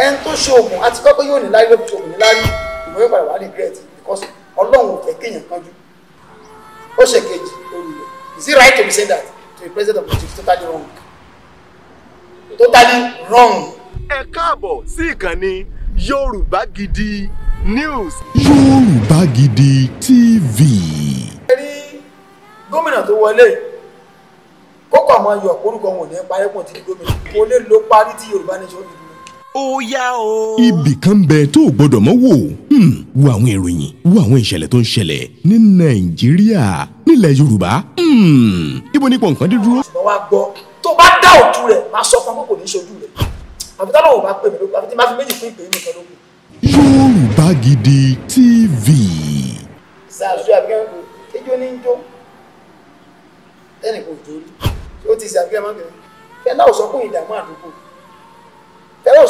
ẹni tó ṣe oògùn àti kọ́kọ́ yóò ní láyé ló fi oògùn láyé ìwé yóò padà wà ní gírẹ́ẹ̀tì because ọlọ́run ò fẹ́ kéèyàn kanjú ó ṣe kejì lórí rẹ̀ is it right to be saying that to the president of the chief totally wrong totally wrong. ẹ káàbọ̀ sí ìkànnì Yorùbá Gidi News. Yorùbá Gidi TV. ẹ rí gómìnà tó wọlé kókò àwọn ayọ̀ orúkọ wọn ò ní parí pọ̀ tí gómìnà kò lè lo parí tí Yorùbá Nation ó yá o. ibì kan bẹ tó o gbọdọ̀ mọ́ wò hmm, wo àwọn ìròyìn wo àwọn ìṣẹ̀lẹ̀ tó ń ṣẹlẹ̀ ní nàìjíríà nílẹ̀ yorùbá hmm, ibo ní pọ̀nkan dídúró. àṣùwọ̀n wa gbọ́ tó bá dá òtún rẹ̀ máa sọ fún akókò ní ṣojú rẹ̀ àbí tọ́lọ́ ò bá pè mí lóko àbí tí máa fi méjì fún ìpè nìkan lóko. yorùbá gidi tv. ṣàṣù àbíkẹ́wò ẹjọ́ ní jó ẹnì kò jó ó ti ṣàbíkẹ́ máa bẹ̀rẹ̀ fẹ́ náà sọ fún ìdààmú àdúgbò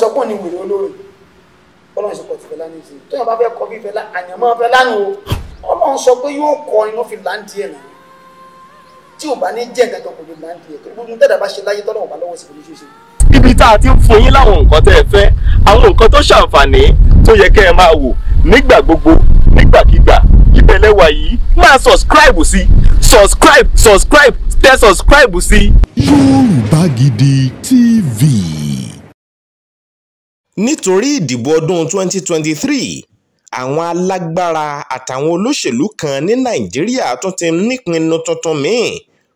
sọ pọ̀ wèrè olórí ọlọ́run sọ pọ̀ ti fẹ́lá ní ìsìn tó yàn bá fẹ́ kọ bí fẹ́lá àyànmọ́ fẹ́lá nù o ọlọ́run sọ pé yóò kọ iná fi láǹdì ẹ̀ nù tí ò bá ní jẹ́ gangan kò lè láǹdì ẹ̀ tó gbogbo tẹ́lẹ̀ bá ṣe láyé tọ́lọ́run bá lọ́wọ́ sí ìlú ibi tá a ti ń fún yín láwọn nǹkan tẹ́ ẹ fẹ́ àwọn nǹkan tó ṣàǹfààní tó yẹ kẹ́ ẹ máa wò nígbà gbogbo nígbàkigbà ìbẹ̀lẹ́wà yìí máa subscribe sí subscribe subscribe tẹ subscribe sí. Yorùbá Gidi TV nítorí ìdìbò ọdún 2023 àwọn alágbára àtàwọn olóṣèlú kan ní nàìjíríà tún ti nípinnu tuntun míì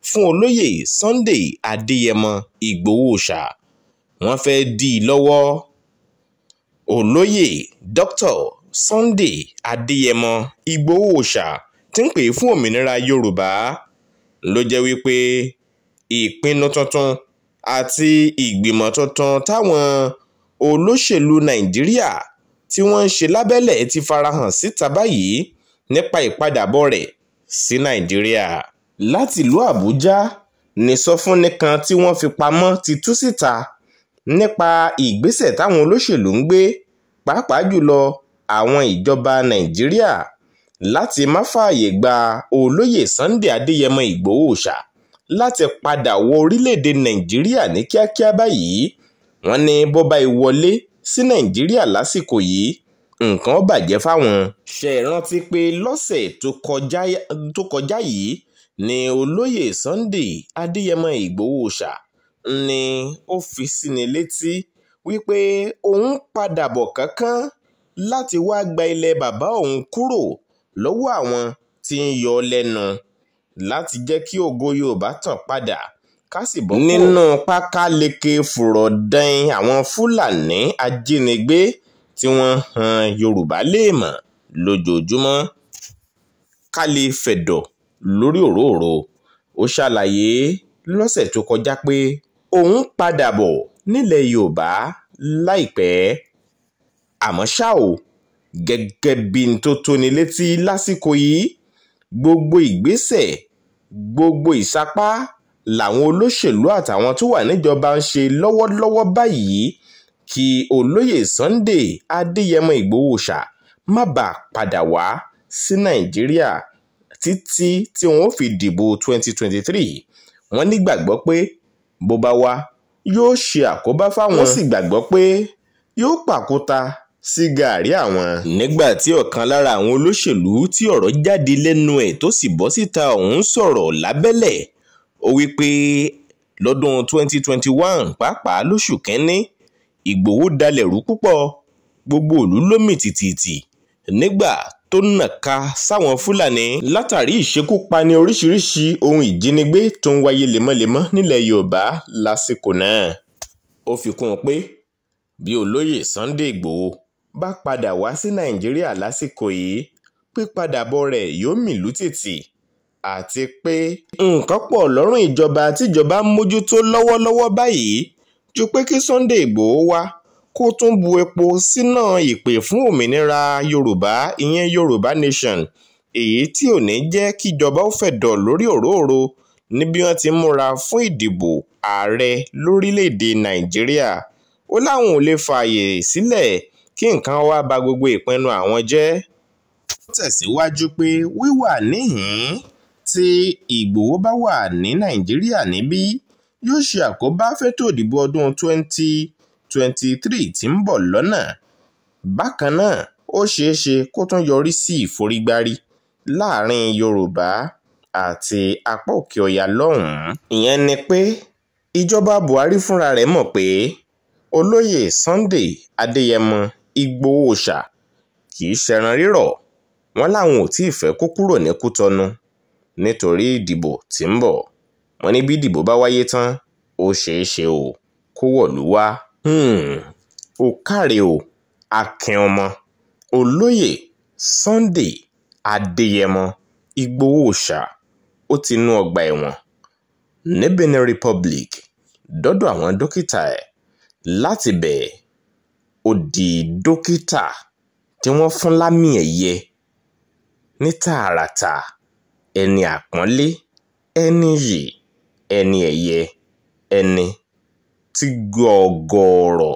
fún olóyè sunday adéyẹmọ ìgbòhóṣà wọ́n fẹ́ dí i lọ́wọ́ olóyè dr sunday adéyẹmọ ìgbòhóṣà ti ń pè fún òmìnira yorùbá ló jẹ́ wípé ìpinnu tuntun àti ìgbìmọ̀ tuntun táwọn olóṣèlú nàìjíríà tí wọ́n ń ṣe lábẹ́lẹ̀ ti farahàn síta báyìí nípa ìpadàbọ̀ rẹ̀ sí nàìjíríà láti ìlú àbújá nìsọfúnni kan tí wọ́n fi pamọ́ ti tú síta nípa ìgbésẹ̀ táwọn olóṣèlú ń gbé pàápàá jùlọ àwọn ìjọba nàìjíríà láti má fààyè gba olóyè sunday adéyẹmọ ìgbòho ṣá láti padà wọ orílẹ̀-èdè nàìjíríà ní kíákíá báyìí wọ́n ní bó bá ìwọlé sí nàìjíríà lásìkò yìí nǹkan bàjẹ́ fáwọn. ṣe é rántí pé lọ́sẹ̀ tó kọjá yìí ni olóyè Sunday Adéyẹmọ Ìgbòho ṣà ni ó fi síni létí wípé òun padà bọ̀ kánkán láti wá gba ilẹ̀ bàbá òun kúrò lọ́wọ́ àwọn tí ń yọ lẹ́nu láti jẹ́ kí ògo Yorùbá tàn padà kásìbò. nínú pákáleke fùrọ̀dẹ́n àwọn fúlàní ajínigbé tí wọ́n han yorùbá léèmọ̀ lójoojúmọ́ kálífẹ̀dọ̀ lórí òróòro ó ṣàlàyé lọ́sẹ̀ tó kọjá pé òun padà bọ̀ nílẹ̀ yorùbá láìpẹ́ àmọ́ ṣá o gẹ́gẹ́ bí n tó tóni létí lásìkò yìí gbogbo ìgbésẹ̀ gbogbo ìsapá làwọn olóṣèlú àtàwọn tó wà níjọba ń ṣe lọ́wọ́lọ́wọ́ báyìí kí olóyè Sunday Adéyẹmọ Ìgbòhòṣà má bàa padà wá sí Nàìjíríà títí tí wọn ó fi dìbò 2023 wọ́n nígbàgbọ́ pé bó bá wá yóò ṣe àkóbá fáwọn wọ́n sì gbàgbọ́ pé yóò pàkúta sí gàárì àwọn. nígbà tí ọ̀kan lára àwọn olóṣèlú tí ọ̀rọ̀ jáde lẹ́nu ẹ̀ tó sì bọ́ síta ọ̀hún sọ̀rọ̀ lábẹ́lẹ̀ ó wí pé lọ́dún 2021 pàápàá lóṣù kínní Ìgbòho dalẹ̀ rú púpọ̀ gbogbo ìlú ló mì tìtìtì nígbà tó nàka sáwọn Fúlàní látàrí ìṣekúpani oríṣiríṣi ohun ìjínigbé tó ń wáyé lemọ́lemọ́ nílẹ̀ Yorùbá lásìkò náà ó fi kún un pé bí olóyè Sunday Ìgbòho bá padà wá sí Nàìjíríà lásìkò yìí pípadàbọ̀ rẹ̀ yóò mìlú tìtì àti pé nǹkan pọ̀ lọ́rùn ìjọba tíjọba ń mójútó lọ́wọ́lọ́wọ́ báyìí ju pé kí Sunday Igbòho wá kó tún bu epo sínà ìpè fún òmìnira Yorùbá ìyẹn Yorùbá Nation èyí tí ò ní jẹ́ kíjọba ó fẹ̀dọ̀ lórí òróòro ní bí wọ́n ti múra fún ìdìbò ààrẹ lórílẹ̀‐èdè Nàìjíríà ó láwọn ò lè fààyè sílẹ̀ kí nǹkan wá bà gbogbo ìpinnu àwọn jẹ́. ó tẹ̀síwájú pé wíwà níhìn-ín tí Ìgbòho bá wà ní Nàìjíríà níbí yóò ṣe àkóbá fẹ́tò ìdìbò ọdún 2023 tí ń bọ̀ lọ́nà bákan náà ó ṣeé ṣe kó tún yọrí sí ìforígbárí láàrin Yorùbá àti apá òkè ọ̀yà lọ́hùn-ún ìyẹn ni pé ìjọba Buhari fúnra rẹ̀ mọ̀ pé olóyè Sunday Adéyẹmọ Igbóhòòṣà kì í ṣẹran rírọ̀ wọ́n láwọn ò tí ì fẹ́ kó kúrò ní Kútọ́nù nítorí ìdìbò tí ń bọ̀ wọ́n ní bí ìdìbò bá wáyé tán ó ṣeé ṣe ó kó wọ̀lú wá ó hmm, káre o akin ọmọ olóyè Sunday Adéyẹmọ Ìgbòho-ṣà ó ti nú ọgbà ẹ̀wọ̀n ní Benin Republic dọ́dọ̀ àwọn dókítà ẹ̀ láti bẹ̀ ó di dókítà tí wọ́n fún lámì ẹ̀yẹ ní tààràtà. Ta ẹni àpọ́nlé ẹni iyì ẹni ẹ̀yẹ ẹni tí ọ̀gọ̀ọ̀rọ̀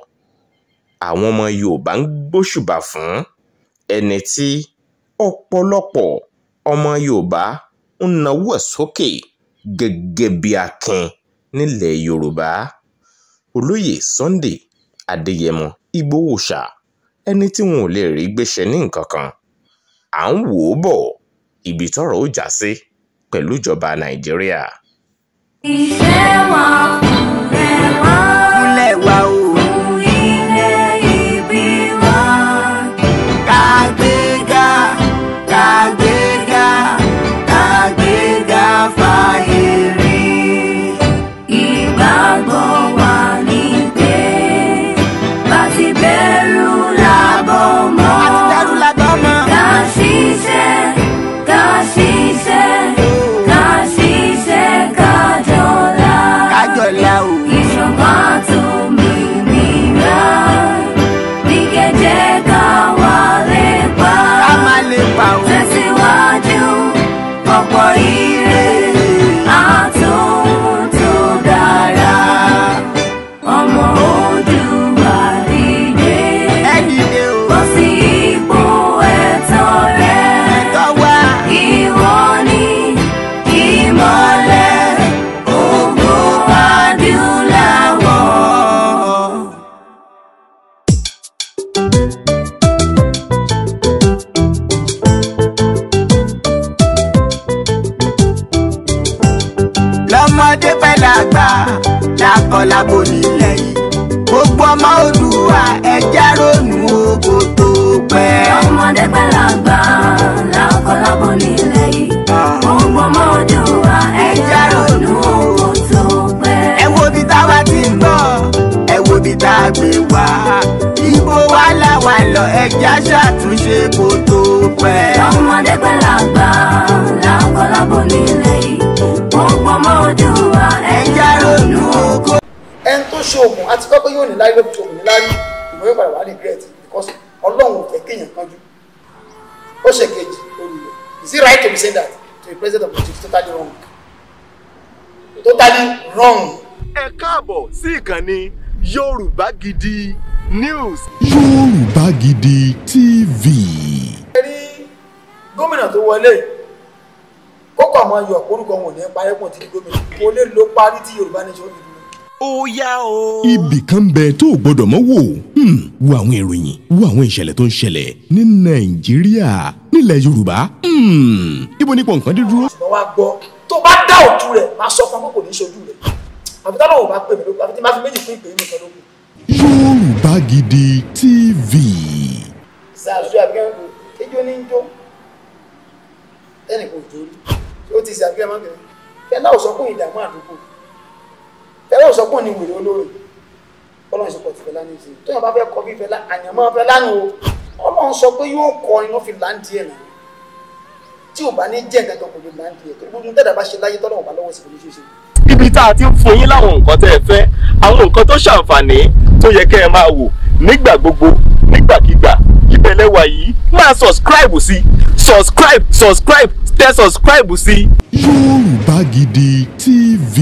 àwọn ọmọ yorùbá ń gbóṣùbà fún ẹni tí ọ̀pọ̀lọpọ̀ ọmọ yorùbá ń nawó ẹ̀ sókè gẹ́gẹ́ bí akin nílẹ̀ yorùbá olóyè sunday adéyẹmọ ìgbòhùṣà ẹni tí wọn ò lè rí gbéṣẹ́ ní nǹkan kan à ń wò ó bọ̀ ibi tọ́rọ̀ ó já sí pẹ̀lú ìjọba nàìjíríà. ìfẹ́ wà tọmọdé fẹ́ làgbà lákọlábo nílẹ̀ yìí gbogbo ọmọ Oòduà ẹja ronú ogo tó pẹ́. tọmọdé fẹ́ làgbà lákọlábo nílẹ̀ yìí gbogbo ọmọ Oòduà ẹja ronú ogo tó pẹ́. ẹ wo bí táwa ti ń bọ̀ ẹ wo bí tá a gbé wá ibo wa là wà lọ ẹja ṣàtúnṣe kó tó pẹ́. tọmọdé fẹ́ làgbà lákọlábo nílẹ̀ yìí ṣògùn ọmọ Odùduwà ẹja ronú oko. ẹni tó ṣe oògùn àti kọ́kọ́ yóò ní láyé ló fi ní láyé ìwé ìpàdé wà á lè because ọlọ́run ò fẹ́ kéèyàn kanjú ó ṣe kejì olùyọ is it right to be saying that to a president of the church totally wrong totally wrong. ẹ káàbọ̀ sí ìkànnì Yorùbá Gidi News. Yorùbá Gidi TV. ẹ rí gómìnà tó wọlé kókò àwọn ayọ̀ orúkọ wọn ò ní parí pọ̀ títí gómìnà kò lè lo parí tí yorùbá ní sọ́ọ́ dúdú. ó yá o. ibì kan bẹ tó o gbọ́dọ̀ mọ̀ wò hmm, wo àwọn ìròyìn wo àwọn ìṣẹ̀lẹ̀ tó ń ṣẹlẹ̀ ní nàìjíríà nílẹ̀ yorùbá hmm, ibo ní pọnkan dé dúró. mo wá gbọ́ tó bá dá òtú rẹ̀ máa sọ fún akókò ní ṣojú rẹ̀ àbí tọ́lọ́wọ́ bá pè mí lókun àbí tí máa fi méjì fún ìpè mí kan Yorùbá Gidi TV. ṣàṣù àbíkẹ́ ń kó ejò ní ń jó ẹnì kò jó rí ó ti ṣàgbé ẹmọ bẹ̀rẹ̀ fẹlá ò sọ pé ìdààmú àdúgbò fẹlá ò sọ pé ní wèrè olóore Ọlọ́run sọ pé ti fẹlá ní ìsìn tó yàn bá fẹ́ kọ bí fẹlá àyànmọ́ fẹlá nù o Ọlọ́run sọ pé yóò kọ iná fi láǹdì ẹ nìyẹn tí ò bá ní jẹ ìdájọ kò lè láǹdì ẹ torí gbogbo tẹdà bá ṣe láyé tọ́lọ́wọ̀n bá lọ́wọ́ sí ṣe. ibi tá a ti ń fún yín láwọn nǹkan tẹ́ ẹ fẹ́ àwọn nǹkan tó ṣàǹfààní tó yẹ kẹ́ ẹ máa wò nígbà gbogbo nígbàkigbà ibẹ̀ lẹ́wà yìí máa subscribe sí subscribe subscribe tẹ subscribe sí. Yorùbá Gidi TV.